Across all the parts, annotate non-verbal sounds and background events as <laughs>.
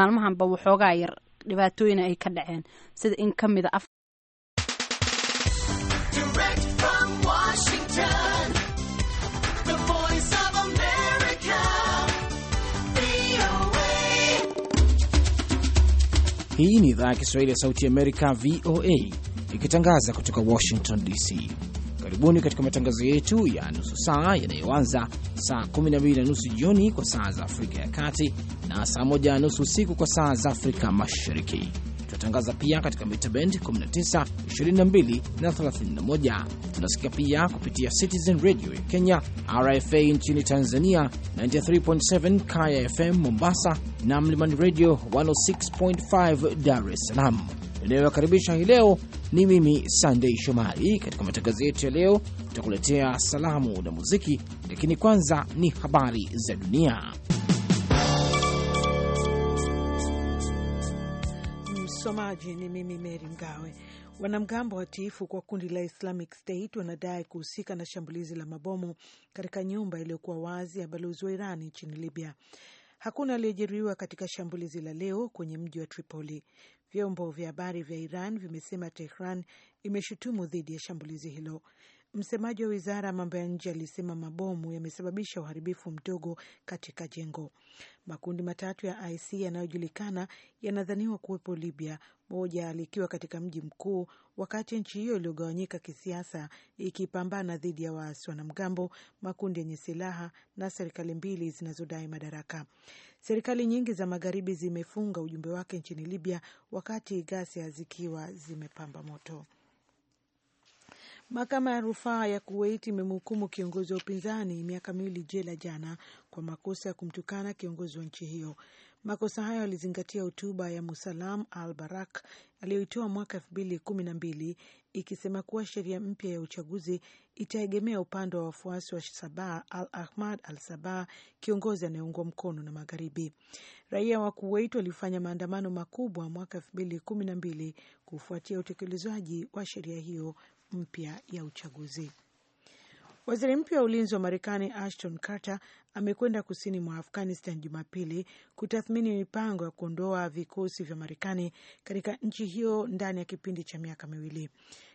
maalmahanba waxoogaa yar dhibaatooyin ay ka dhaceen sida in ka mida af Hii ni idhaa ya Kiswahili ya Sauti Amerika, VOA, ikitangaza kutoka Washington DC. Karibuni katika matangazo yetu ya nusu saa yanayoanza saa 12 na nusu jioni kwa saa za Afrika ya Kati na saa 1 na nusu usiku kwa saa za Afrika Mashariki. Tunatangaza pia katika mita bend 19, 22 na 31. Tunasikia pia kupitia Citizen Radio ya Kenya, RFA nchini Tanzania 93.7, Kaya FM Mombasa na Mlimani Radio 106.5 Dar es Salaam. Inayowakaribisha hii leo ni mimi Sandei Shomari. Katika matangazo yetu ya leo, tutakuletea salamu na muziki, lakini kwanza ni habari za dunia. Msomaji ni mimi Meri Mgawe. Wanamgambo watiifu kwa kundi la Islamic State wanadai kuhusika na shambulizi la mabomu katika nyumba iliyokuwa wazi ya balozi wa Irani nchini Libya. Hakuna aliyejeruhiwa katika shambulizi la leo kwenye mji wa Tripoli. Vyombo vya habari vya Iran vimesema Tehran imeshutumu dhidi ya shambulizi hilo. Msemaji wa wizara ya mambo ya nje alisema mabomu yamesababisha uharibifu mdogo katika jengo. Makundi matatu ya IC yanayojulikana yanadhaniwa kuwepo Libya moja likiwa katika mji mkuu, wakati nchi hiyo iliyogawanyika kisiasa ikipambana dhidi ya waasi wanamgambo, makundi yenye silaha na serikali mbili zinazodai madaraka. Serikali nyingi za magharibi zimefunga ujumbe wake nchini Libya wakati ghasia zikiwa zimepamba moto. Mahakama ya rufaa ya Kuwait imemhukumu kiongozi wa upinzani miaka miwili jela jana kwa makosa ya kumtukana kiongozi wa nchi hiyo. Makosa hayo yalizingatia hotuba ya Musalam Al Barak aliyoitoa mwaka elfu mbili kumi na mbili ikisema kuwa sheria mpya ya uchaguzi itaegemea upande wa wafuasi wa Sabah Al Ahmad Al Sabah, kiongozi anayeungwa mkono na Magharibi. Raia wa Kuwait walifanya maandamano makubwa mwaka elfu mbili kumi na mbili kufuatia utekelezaji wa sheria hiyo mpya ya uchaguzi. Waziri mpya wa ulinzi wa Marekani Ashton Carter amekwenda kusini mwa Afghanistan Jumapili kutathmini mipango ya kuondoa vikosi vya Marekani katika nchi hiyo ndani ya kipindi cha miaka miwili.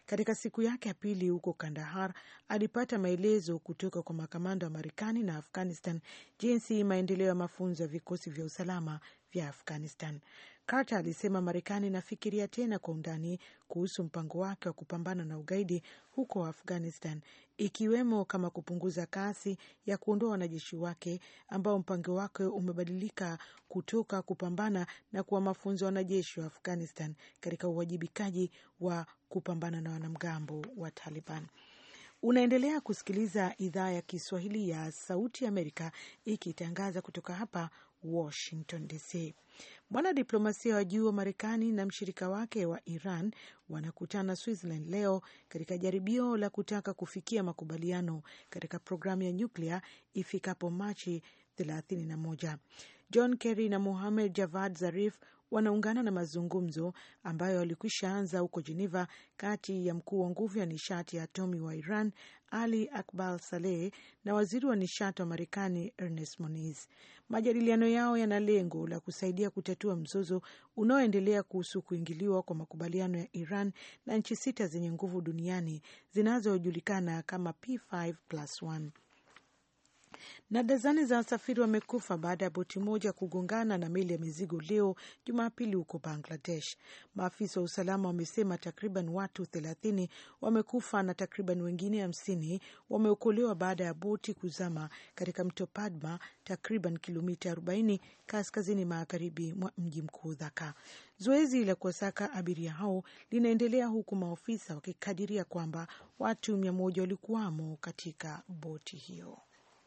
Katika siku yake ya pili huko Kandahar, alipata maelezo kutoka kwa makamanda wa Marekani na Afghanistan jinsi maendeleo ya mafunzo ya vikosi vya usalama vya Afghanistan. Carter alisema Marekani inafikiria tena kwa undani kuhusu mpango wake wa kupambana na ugaidi huko Afghanistan, ikiwemo kama kupunguza kasi ya kuondoa wanajeshi wake ambao mpango wake umebadilika kutoka kupambana na kuwa mafunzo ya wanajeshi wa Afghanistan katika uwajibikaji wa kupambana na wanamgambo wa Taliban. Unaendelea kusikiliza idhaa ya Kiswahili ya Sauti Amerika ikitangaza kutoka hapa Washington DC. Mwanadiplomasia wa juu wa Marekani na mshirika wake wa Iran wanakutana Switzerland leo katika jaribio la kutaka kufikia makubaliano katika programu ya nyuklia ifikapo Machi 31. John Kerry na Mohamed Javad Zarif wanaungana na mazungumzo ambayo yalikwisha anza huko jeneva kati ya mkuu wa nguvu ya nishati ya atomi wa Iran Ali Akbar Saleh na waziri wa nishati wa Marekani Ernest Moniz. Majadiliano yao yana lengo la kusaidia kutatua mzozo unaoendelea kuhusu kuingiliwa kwa makubaliano ya Iran na nchi sita zenye nguvu duniani zinazojulikana kama P5 na dazani za wasafiri wamekufa baada ya boti moja kugongana na meli ya mizigo leo Jumapili huko Bangladesh. Maafisa wa usalama wamesema takriban watu thelathini wamekufa na takriban wengine hamsini wameokolewa baada ya boti kuzama katika mto Padma, takriban kilomita 40 kaskazini magharibi mwa mji mkuu Dhaka. Zoezi la kuwasaka abiria hao linaendelea huku maofisa wakikadiria kwamba watu mia moja walikuwamo katika boti hiyo.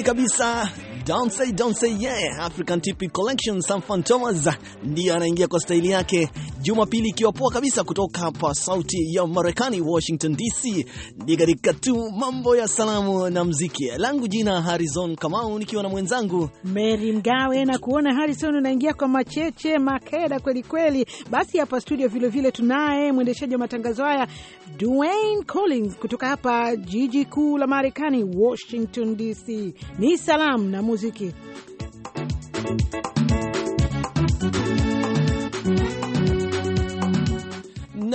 Marekani kabisa. Don't say, don't say yeah. African Tipi Collection Sam Fantomas ndiyo anaingia kwa staili yake Jumapili ikiwa poa kabisa kutoka hapa Sauti ya Marekani, Washington DC. Ni katika tu mambo ya salamu na mziki, langu jina Harrison Kamau, nikiwa na mwenzangu Mary Mgawe na kuona Harrison unaingia kwa macheche makeda kweli kweli. Basi hapa studio vile vile tunaye mwendeshaji wa matangazo haya Dwayne Collins kutoka hapa jiji kuu la Marekani, Washington DC. Ni salamu na muziki.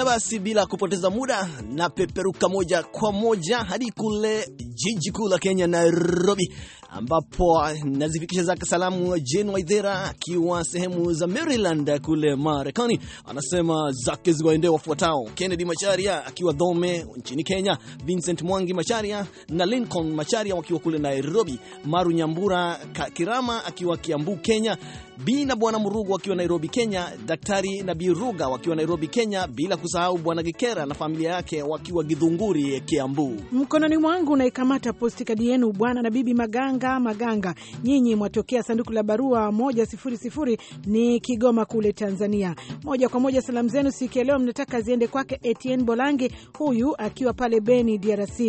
basi bila kupoteza muda na peperuka moja kwa moja hadi kule jiji kuu la Kenya, Nairobi, ambapo ah, nazifikisha zake salamu Jane Waithera akiwa sehemu za Maryland kule Marekani, anasema zake ziwaendee wafuatao: Kennedy Macharia akiwa Dome nchini Kenya, Vincent Mwangi Macharia na Lincoln Macharia wakiwa kule Nairobi, Maru Nyambura Kirama akiwa Kiambu, Kenya, Bi na Bwana Murugu wakiwa Nairobi, Kenya, Daktari na Ruga wakiwa Nairobi, Kenya, bila kusahau Bwana Gikera na familia yake wakiwa Githunguri, Kiambu. mkononi mwangu na nakamata posti kadi yenu, bwana na bibi Maganga. Maganga, nyinyi mwatokea sanduku la barua moja sifuri sifuri, ni Kigoma kule Tanzania. Moja kwa moja salamu zenu siku ya leo mnataka ziende kwake Etienne Bolangi, huyu akiwa pale Beni DRC.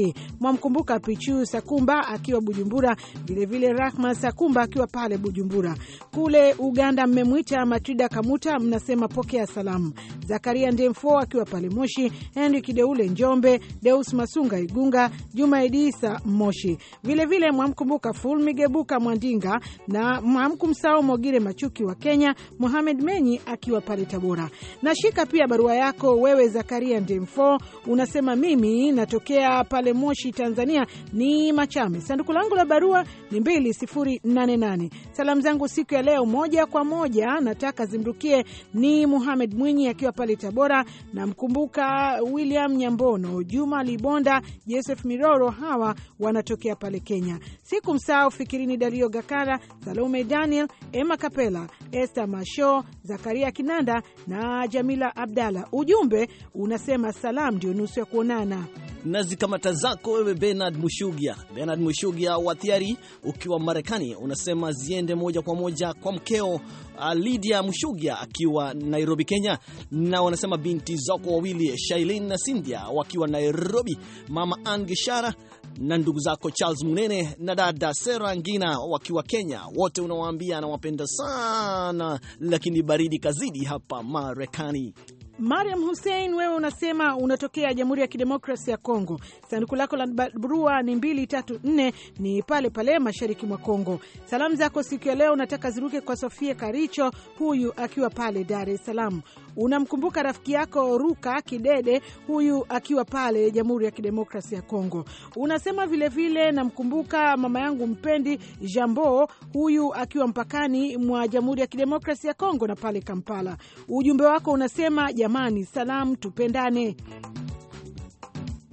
Mwamkumbuka Pichu Sakumba akiwa Bujumbura, vilevile Rahma Sakumba akiwa pale Bujumbura. Kule Uganda mmemwita Matrida Kamuta, mnasema pokea salamu. Zakaria Ndemfo akiwa pale Moshi, Henri Kideule Njombe, Deus Masunga Igunga, Juma Idisa Isa Moshi. Vilevile mwamkumbuka Fulmigebuka Mwandinga na mwamkumsao Mogire Machuki wa Kenya, Mohamed Menyi akiwa pale Tabora. Nashika pia barua yako wewe Zakaria Ndemfo, unasema mimi natokea pale Moshi, Tanzania, ni Machame. Sanduku langu la barua ni 2088. Salamu zangu siku ya leo moja kwa moja nataka zimrukie ni Muhamed Mwinyi akiwa pale Tabora. Namkumbuka William Nyambono, Juma Libonda, Joseph Miroro, hawa wanatokea pale Kenya. siku Sikumsahau Fikirini Dario Gakara, Salome Daniel, Emma Kapela, Esther Masho, Zakaria Kinanda na Jamila Abdalla. Ujumbe unasema salam ndio nusu ya kuonana na zikamata zako wewe Bernard Mushugia, Bernard Mushugia wa Thiari, ukiwa Marekani, unasema ziende moja kwa moja kwa mkeo uh, Lydia Mushugia akiwa Nairobi, Kenya, na wanasema binti zako wawili Shailin na Cynthia wakiwa Nairobi, mama Angishara na ndugu zako Charles Munene na dada Sera Ngina wakiwa Kenya, wote unawaambia anawapenda sana, lakini baridi kazidi hapa Marekani. Mariam Hussein, wewe unasema unatokea Jamhuri ya Kidemokrasi ya Kongo. Sanduku lako la barua ni 234 ni pale pale mashariki mwa Kongo. Salamu zako siku ya leo unataka ziruke kwa Sofia Karicho, huyu akiwa pale Dar es Salaam. Unamkumbuka rafiki yako Ruka Kidede, huyu akiwa pale Jamhuri ya Kidemokrasi ya Kongo. Unasema vilevile namkumbuka mama yangu mpendi Jambo, huyu akiwa mpakani mwa Jamhuri ya Kidemokrasi ya Kongo na pale Kampala. Ujumbe wako unasema jamani, salamu tupendane.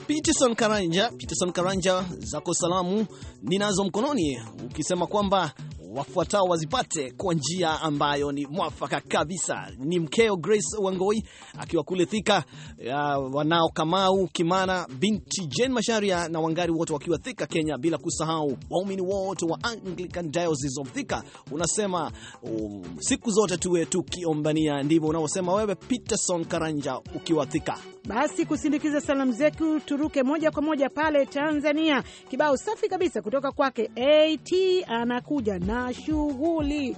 Peterson Karanja, Peterson Karanja, zako salamu ninazo mkononi ukisema kwamba wafuatao wazipate kwa njia ambayo ni mwafaka kabisa. Ni mkeo Grace Wangoi akiwa kule Thika, uh, wanao Kamau Kimana, binti Jane Masharia na Wangari, wote wakiwa Thika, Kenya, bila kusahau waumini wote wa Anglican Diocese of Thika. Unasema um, siku zote tuwe tukiombania, ndivyo unavyosema wewe Peterson Karanja ukiwa Thika. Basi kusindikiza salamu zetu turuke moja kwa moja pale Tanzania, kibao safi kabisa kutoka kwake AT anakuja na na shughuli.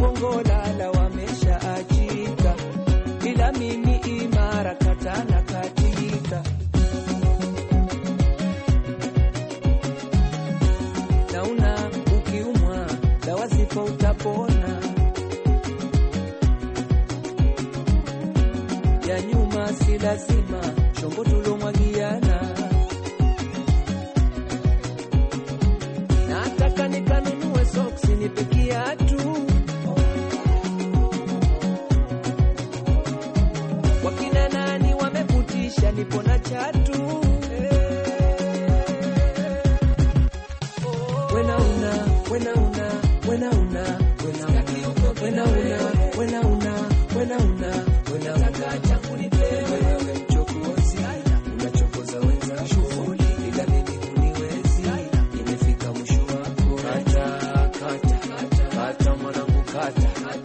Kongo lala achika ila mimi imara katana katika nauna, ukiumwa dawa zipo utapona, ya nyuma si lazima chombo tulomwagi yanipona chatu imefika mwisho wako, kata kata kata, mwanangu kata.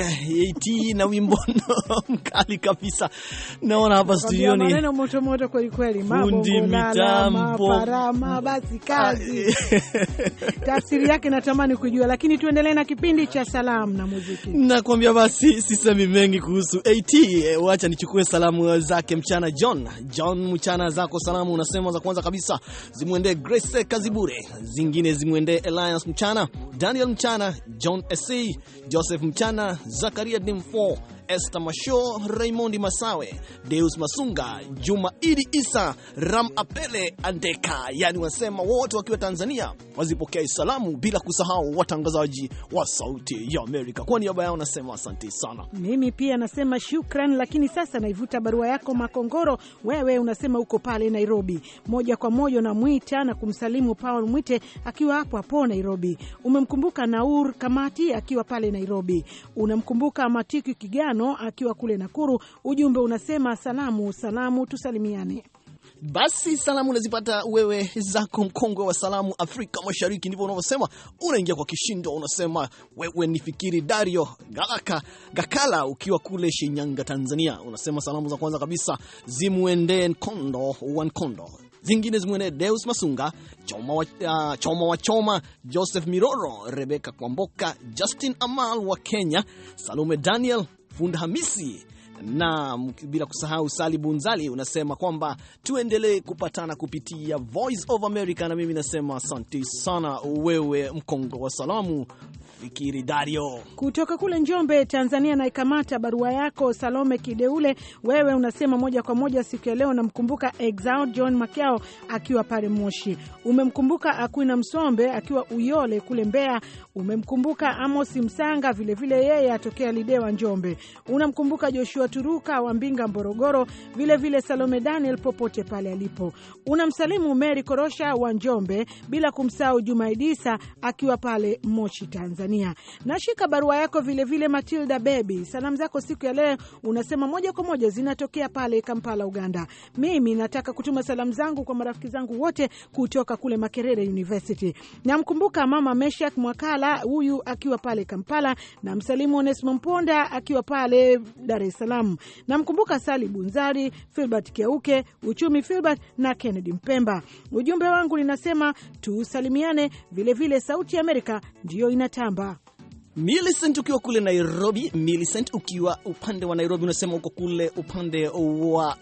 pandemia e T na wimbo <laughs> mkali kabisa. Naona hapa studioni maneno moto moto kweli kweli, mambo fundi mitambo parama, basi kazi <laughs> tafsiri yake natamani kujua, lakini tuendelee na kipindi cha salamu na muziki. Nakwambia basi sisemi mengi kuhusu AT, wacha nichukue salamu zake mchana. John John, mchana zako salamu unasema za kwanza kabisa zimwendee Grace Kazibure, zingine zimwendee Elias mchana, Daniel mchana, John SC, Joseph mchana, Zakaria Four. Esther Masho, Raymond Masawe, Deus Masunga, Juma Idi Isa, Ram Apele Andeka, yani wasema wote wakiwa Tanzania wazipokea salamu, bila kusahau watangazaji wa Sauti ya Amerika. Kwa niaba yao nasema asante sana. Mimi pia nasema shukran, lakini sasa naivuta barua yako Makongoro, wewe unasema uko pale Nairobi moja kwa moja, unamwita na kumsalimu Paul Mwite akiwa hapo hapo Nairobi. Umemkumbuka Naur Kamati akiwa pale Nairobi, unamkumbuka Matiki Kigano Mkono akiwa kule Nakuru. Ujumbe unasema salamu, salamu, tusalimiane. Basi salamu unazipata wewe zako, mkongwe wa salamu Afrika Mashariki, ndivyo unavyosema. Unaingia kwa kishindo, unasema wewe ni fikiri Dario Galaka Gakala, ukiwa kule Shinyanga, Tanzania. Unasema salamu za kwanza kabisa zimwendee Nkondo wa Nkondo, zingine zimwendee Deus Masunga Choma wa, uh, Choma wa Choma, Joseph Miroro, Rebeka Kwamboka, Justin Amal wa Kenya, Salume Daniel Funda Hamisi na bila kusahau Sali Bunzali, unasema kwamba tuendelee kupatana kupitia Voice of America, na mimi nasema asante sana wewe mkongo wa salamu Fikiri Dario kutoka kule Njombe, Tanzania. Naikamata barua yako Salome Kideule, wewe unasema moja kwa moja siku ya leo namkumbuka Exaud John Makyao akiwa pale Moshi, umemkumbuka Akwina Msombe akiwa Uyole kule Mbeya, umemkumbuka Amos Msanga vilevile vile yeye atokea Lidewa Njombe, unamkumbuka Joshua Turuka wa Mbinga Morogoro, vilevile Salome Daniel popote pale alipo, unamsalimu Meri Korosha wa Njombe, bila kumsahau Jumaidisa akiwa pale Moshi, Tanzania. Tanzania. Nashika barua yako vilevile vile Matilda Bebi, salamu zako siku ya leo unasema moja kwa moja zinatokea pale Kampala, Uganda. Mimi nataka kutuma salamu zangu kwa marafiki zangu wote kutoka kule Makerere University. Namkumbuka mama Meshak Mwakala, huyu akiwa pale Kampala, na msalimu Onesimo Mponda akiwa pale Dar es Salaam. Namkumbuka Sali Bunzari, Filbert Keuke, Uchumi Filbert na Kennedy Mpemba. Ujumbe wangu linasema tusalimiane, vilevile Sauti ya Amerika ndiyo inatamba ba Millicent ukiwa kule Nairobi. Millicent ukiwa upande wa Nairobi, unasema uko kule upande wa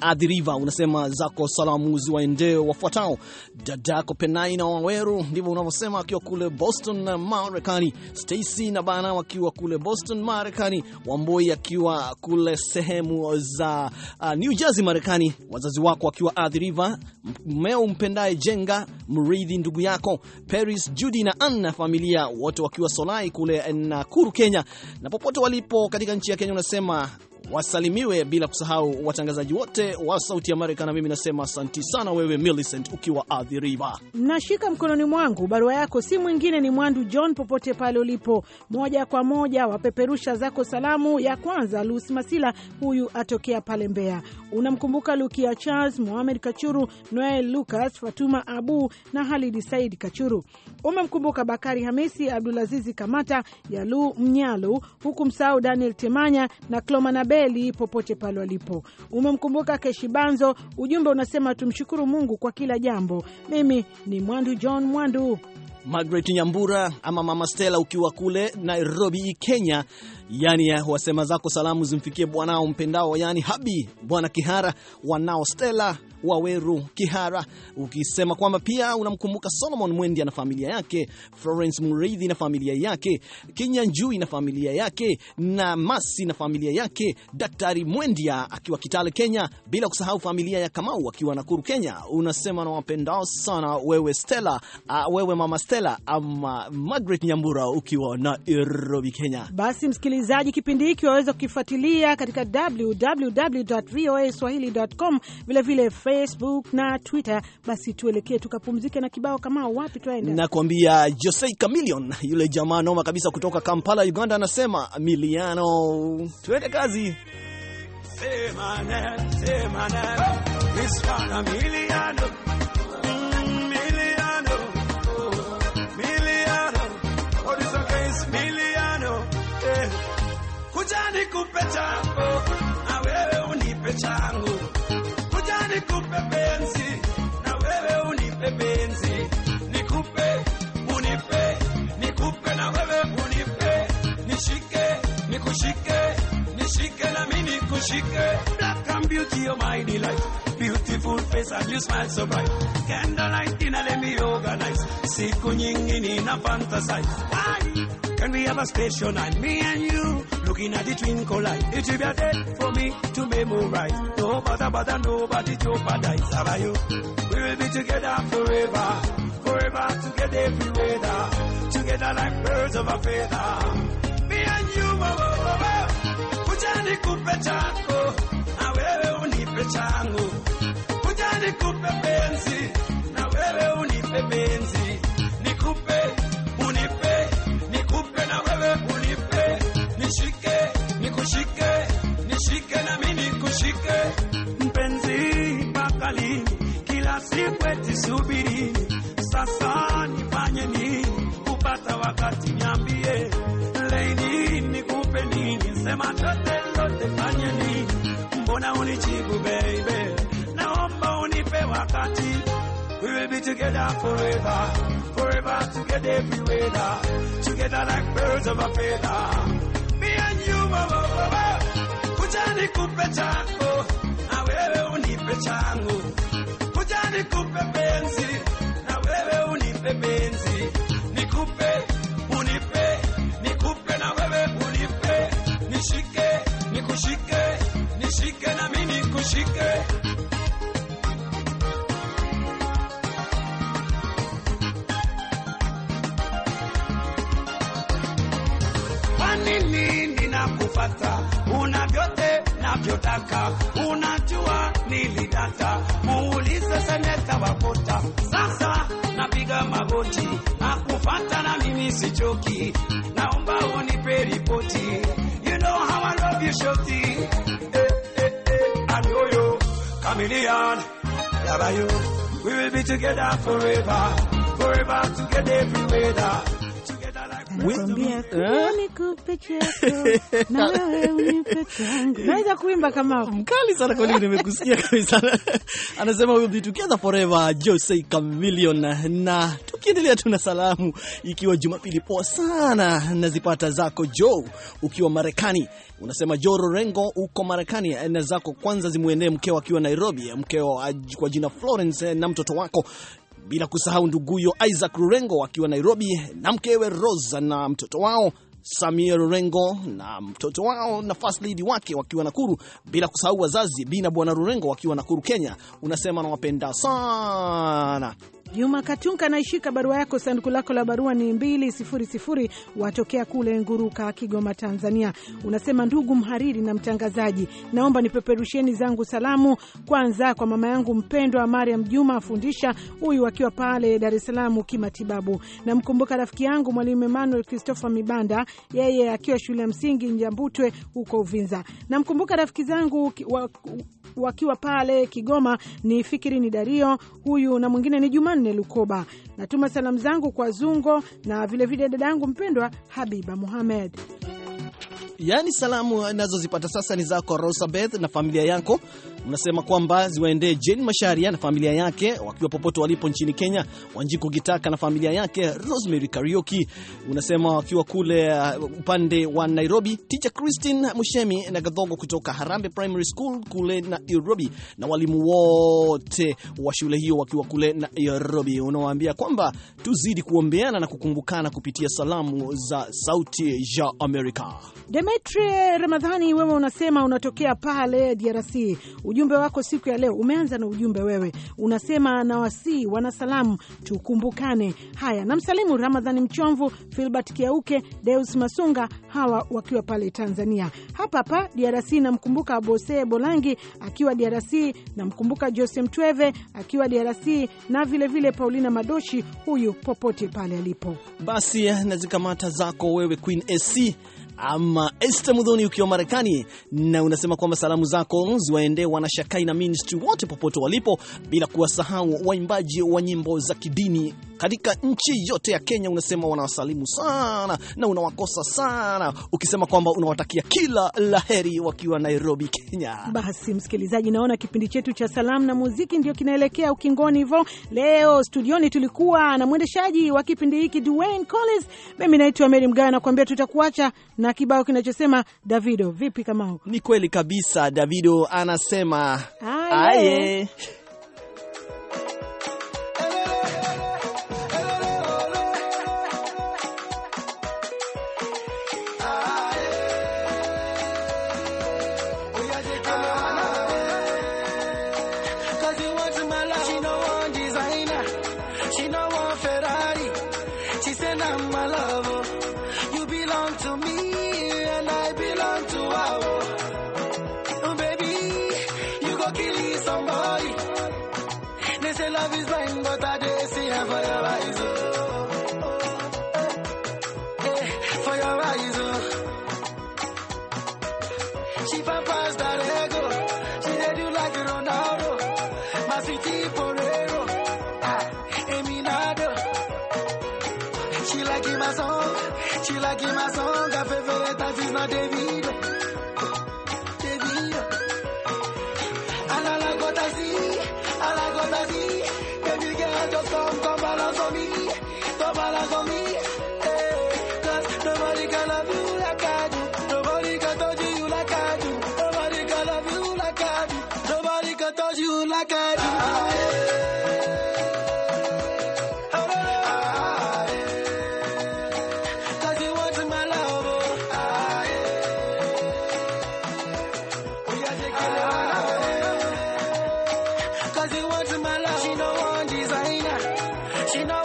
Athi uh, River, unasema zako salamu ziwaendeo wafuatao: dadako Penai na Waweru, ndivyo unavyosema, akiwa kule Boston Marekani, Stacy na Bana wakiwa kule Boston Marekani, Wamboi akiwa kule sehemu za uh, New Jersey Marekani, wazazi wako wakiwa Athi uh, River, mmeo mpendaye jenga mridhi, ndugu yako Paris, Judy na Anna familia wote wakiwa Solai kule kule Nakuru, Kenya, na popote walipo katika nchi ya Kenya, unasema wasalimiwe, bila kusahau watangazaji wote wa Sauti Amerika. Na mimi nasema asanti sana wewe Millicent ukiwa adhiriva. Nashika mkononi mwangu barua yako, si mwingine ni Mwandu John, popote pale ulipo, moja kwa moja wapeperusha zako salamu. Ya kwanza Lusi Masila, huyu atokea pale Mbeya. Unamkumbuka Lukia Charles, Muhamed Kachuru, Noel Lucas, Fatuma Abu na Halidi Said Kachuru. Umemkumbuka Bakari Hamisi, Abdulazizi Kamata, Yalu Mnyalu, huku msahau Daniel Temanya na Clomanabe kweli popote pale walipo. Umemkumbuka Keshibanzo, ujumbe unasema tumshukuru Mungu kwa kila jambo. Mimi ni Mwandu John Mwandu. Margaret Nyambura ama Mama Stella ukiwa kule Nairobi, Kenya, yani ya eh, wasema zako salamu zimfikie bwanao mpendao, yani Habi Bwana Kihara, wanao Stella Waweru Kihara, ukisema kwamba pia unamkumbuka Solomon Mwendi na familia yake, Florence Murithi na familia yake, Kenya Njui na familia yake, na Masi na familia yake, Daktari Mwendia akiwa Kitale, Kenya, bila kusahau familia ya Kamau akiwa Nakuru, Kenya. Unasema na wapendao sana wewe Stella, uh, wewe Mama Stella Sela ama Margaret Nyambura ukiwa na Nairobi, Kenya. Basi msikilizaji, kipindi hiki waweza kukifuatilia katika www.voaswahili.com, vilevile Facebook na Twitter. Basi tuelekee tukapumzike na kibao kama wapi tuende. Nakwambia Jose Chameleone, yule jamaa noma kabisa kutoka Kampala, Uganda, anasema miliano, tuende kazi Semana, semana, nikupe chako na wewe unipe changu, kuja nikupe penzi na wewe unipe penzi, nikupe unipe, nikupe na wewe unipe, nishike nikushike, nishike na mimi nikushike. Black and beauty, oh my delight, beautiful face and you smile so bright, candlelight ina let me organize, siku nyingi nina fantasize Can we have a station and me and you looking at the twinkle light? It will be a day for me to memorize. No bother, bother, nobody to paradise. How about you? We will be together forever, forever together every weather, together like birds of a feather. Me and you, oh, oh, oh, Ujani kupe chango, na wewe unipe chango. Ujani kupe penzi, na wewe unipe penzi. Nikupe nishike nikushike nishike nami nikushike mpenzi mpaka lini kila siku eti subiri sasa nifanye nini kupata wakati niambie leini nikupe nini sema chote lote fanye nini mbona unijibu baby naomba unipe wakati We will be together forever, forever together everywhere. Together like birds of a feather kuja nikupe chako na wewe unipe changu, kuja nikupe unipe penzi, nikupe unipe, nikupe na wewe unipe, nishike nikushike, nishike na mimi kushike data, una vyote navyotaka, unajua nilidata, muulize seneta Wafota. Sasa napiga magoti na kupata na mimi sichoki, naomba unipe ripoti, you know how I love you shoti, eh, eh, eh, anyoyo chameleon, love you, we will be together forever, forever together everywhere. <laughs> na mkali sana nimekusikia kabisa. <laughs> Anasema we'll be together forever Jose Chameleon. Na tukiendelea, na salamu ikiwa Jumapili poa sana nazipata zako Joe ukiwa Marekani, unasema Joro Rorengo uko Marekani na zako kwanza zimwendee mkeo akiwa Nairobi, mkeo kwa jina Florence na mtoto wako bila kusahau nduguyo Isaac Rurengo akiwa Nairobi na mkewe Rosa na mtoto wao Samia Rurengo na mtoto wao na first lady wake wakiwa Nakuru, bila kusahau wazazi Bi na Bwana Rurengo wakiwa Nakuru, Kenya. Unasema nawapenda sana. Juma Katunka anaishika barua yako. Sanduku lako la barua ni sifuri, watokea kule Nguruka, Kigoma, Tanzania. Unasema, ndugu mhariri na mtangazaji, naomba nipeperusheni zangu salamu kwanza kwa mama yangu mpendwa Mariam Juma afundisha huyu akiwa pale Dar es Salaam kimatibabu. Namkumbuka rafiki yangu mwalimu Emmanuel Christopher Mibanda, yeye akiwa shule ya msingi Njambutwe huko Uvinza. Namkumbuka rafiki zangu wakiwa pale Kigoma ni Fikiri ni Dario huyu na mwingine ni Jumanne Lukoba. Natuma salamu zangu kwa Zungo na vilevile dada yangu mpendwa Habiba Muhamed. Yaani salamu nazozipata sasa ni zako Rosabeth na familia yako unasema kwamba ziwaendee Jane Masharia na familia yake wakiwa popote walipo nchini Kenya, Wanjiku Gitaka na familia yake, Rosemary Karioki unasema wakiwa kule uh, upande wa Nairobi, Teacher Christine Mushemi na Gadhogo kutoka Harambe Primary School kule Nairobi na walimu wote wa shule hiyo wakiwa kule Nairobi. Unawaambia kwamba tuzidi kuombeana na kukumbukana kupitia salamu za Sauti ya Amerika. Demetri Ramadhani, wewe unasema unatokea pale DRC. Ujumbe wako siku ya leo umeanza na ujumbe wewe, unasema nawasii wanasalamu, tukumbukane. Haya, namsalimu Ramadhani Mchomvu, Filbert Kiauke, Deus Masunga, hawa wakiwa pale Tanzania. Hapa hapa DRC namkumbuka Bose Bolangi akiwa DRC, namkumbuka Jose Mtweve akiwa DRC na vilevile vile Paulina Madoshi, huyu popote pale alipo. Basi eh, nazikamata zako wewe Queen AC ama Este Mudhoni ukiwa Marekani, na unasema kwamba salamu zako ziwaendee wanashakai na ministry wote popote walipo, bila kuwasahau waimbaji wa nyimbo za kidini katika nchi yote ya Kenya. Unasema wanawasalimu sana na unawakosa sana, ukisema kwamba unawatakia kila laheri wakiwa Nairobi, Kenya. Basi msikilizaji, naona kipindi chetu cha salamu na muziki ndio kinaelekea ukingoni. Hivyo leo studioni tulikuwa na mwendeshaji wa kipindi hiki Dwayne Collins, mimi naitwa Mary Mgawe na tutakuacha na na kibao kinachosema Davido. Vipi huko? Ni kweli kabisa, Davido anasema aye, aye. for your eyes, oh. She find pass that ego. She said you like Ronaldo. My city porero. Ah, Eminado. She like it, my song. She like it, my song. Her favorite artist, not David. She know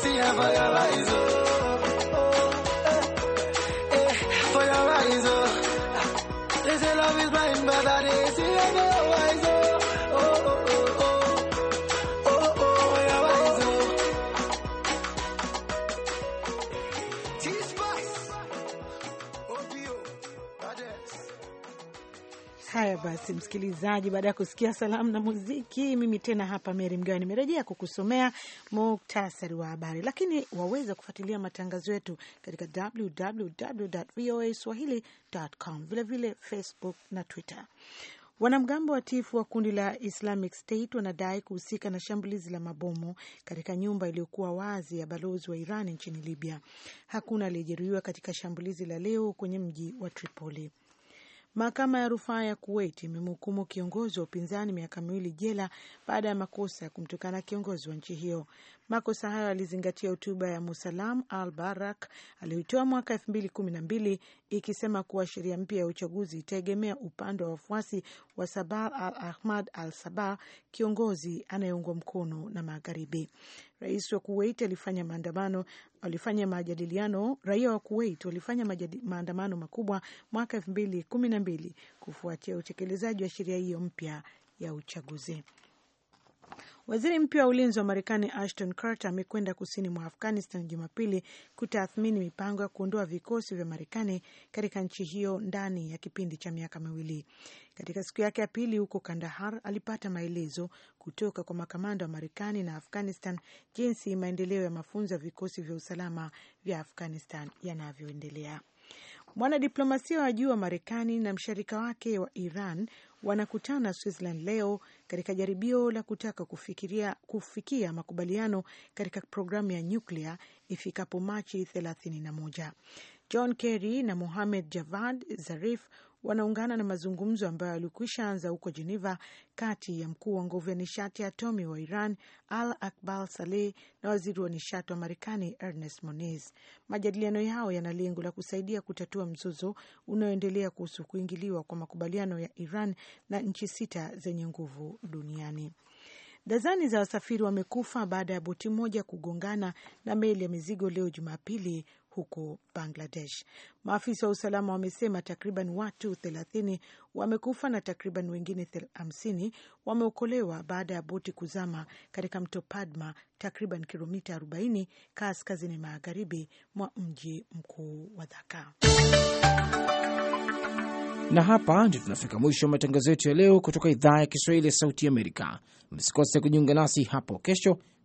Oh. Eh, eh, for your eyes, oh. They say love is blind, but that is it. Haya basi, msikilizaji, baada ya kusikia salamu na muziki, mimi tena hapa Meri Mgawe nimerejea kukusomea muktasari wa habari, lakini waweza kufuatilia matangazo yetu katika www.voaswahili.com, vilevile Facebook na Twitter. Wanamgambo watifu wa kundi la Islamic State wanadai kuhusika na shambulizi la mabomu katika nyumba iliyokuwa wazi ya balozi wa Iran nchini Libya. Hakuna aliyejeruhiwa katika shambulizi la leo kwenye mji wa Tripoli. Mahakama ya rufaa ya Kuwait imemhukumu kiongozi wa upinzani miaka miwili jela baada ya makosa ya kumtukana kiongozi wa nchi hiyo. Makosa hayo yalizingatia hotuba ya Musalam Al Barak aliyoitoa mwaka elfu mbili kumi na mbili ikisema kuwa sheria mpya ya uchaguzi itaegemea upande wa wafuasi wa sabah al Ahmad al sabah kiongozi anayeungwa mkono na Magharibi. Rais wa Kuwait alifanya maandamano, walifanya majadiliano. Raia wa Kuwait walifanya maandamano makubwa mwaka elfu mbili kumi na mbili kufuatia utekelezaji wa sheria hiyo mpya ya uchaguzi. Waziri mpya wa ulinzi wa Marekani Ashton Carter amekwenda kusini mwa Afghanistan Jumapili kutathmini mipango ya kuondoa vikosi vya Marekani katika nchi hiyo ndani ya kipindi cha miaka miwili. Katika siku yake ya pili huko Kandahar, alipata maelezo kutoka kwa makamanda wa Marekani na Afghanistan jinsi maendeleo ya mafunzo ya vikosi vya usalama vya Afghanistan yanavyoendelea. Mwanadiplomasia wa juu wa Marekani na mshirika wake wa Iran wanakutana Switzerland leo katika jaribio la kutaka kufikiria, kufikia makubaliano katika programu ya nyuklia ifikapo Machi 31. John Kerry na Mohamed Javad Zarif wanaungana na mazungumzo ambayo yalikwisha anza huko Geneva kati ya mkuu wa nguvu ya nishati ya atomi wa Iran Al Akbar Saleh na waziri wa nishati wa Marekani Ernest Moniz. Majadiliano yao yana lengo la kusaidia kutatua mzozo unaoendelea kuhusu kuingiliwa kwa makubaliano ya Iran na nchi sita zenye nguvu duniani. Dazani za wasafiri wamekufa baada ya boti moja kugongana na meli ya mizigo leo Jumapili huko Bangladesh. Maafisa wa usalama wamesema takriban watu 30 wamekufa na takriban wengine 50 wameokolewa baada ya boti kuzama katika mto Padma, takriban kilomita 40 kaskazini magharibi mwa mji mkuu wa Dhaka. Na hapa ndio tunafika mwisho wa matangazo yetu ya leo kutoka idhaa ya Kiswahili ya Sauti Amerika. Msikose kujiunga nasi hapo kesho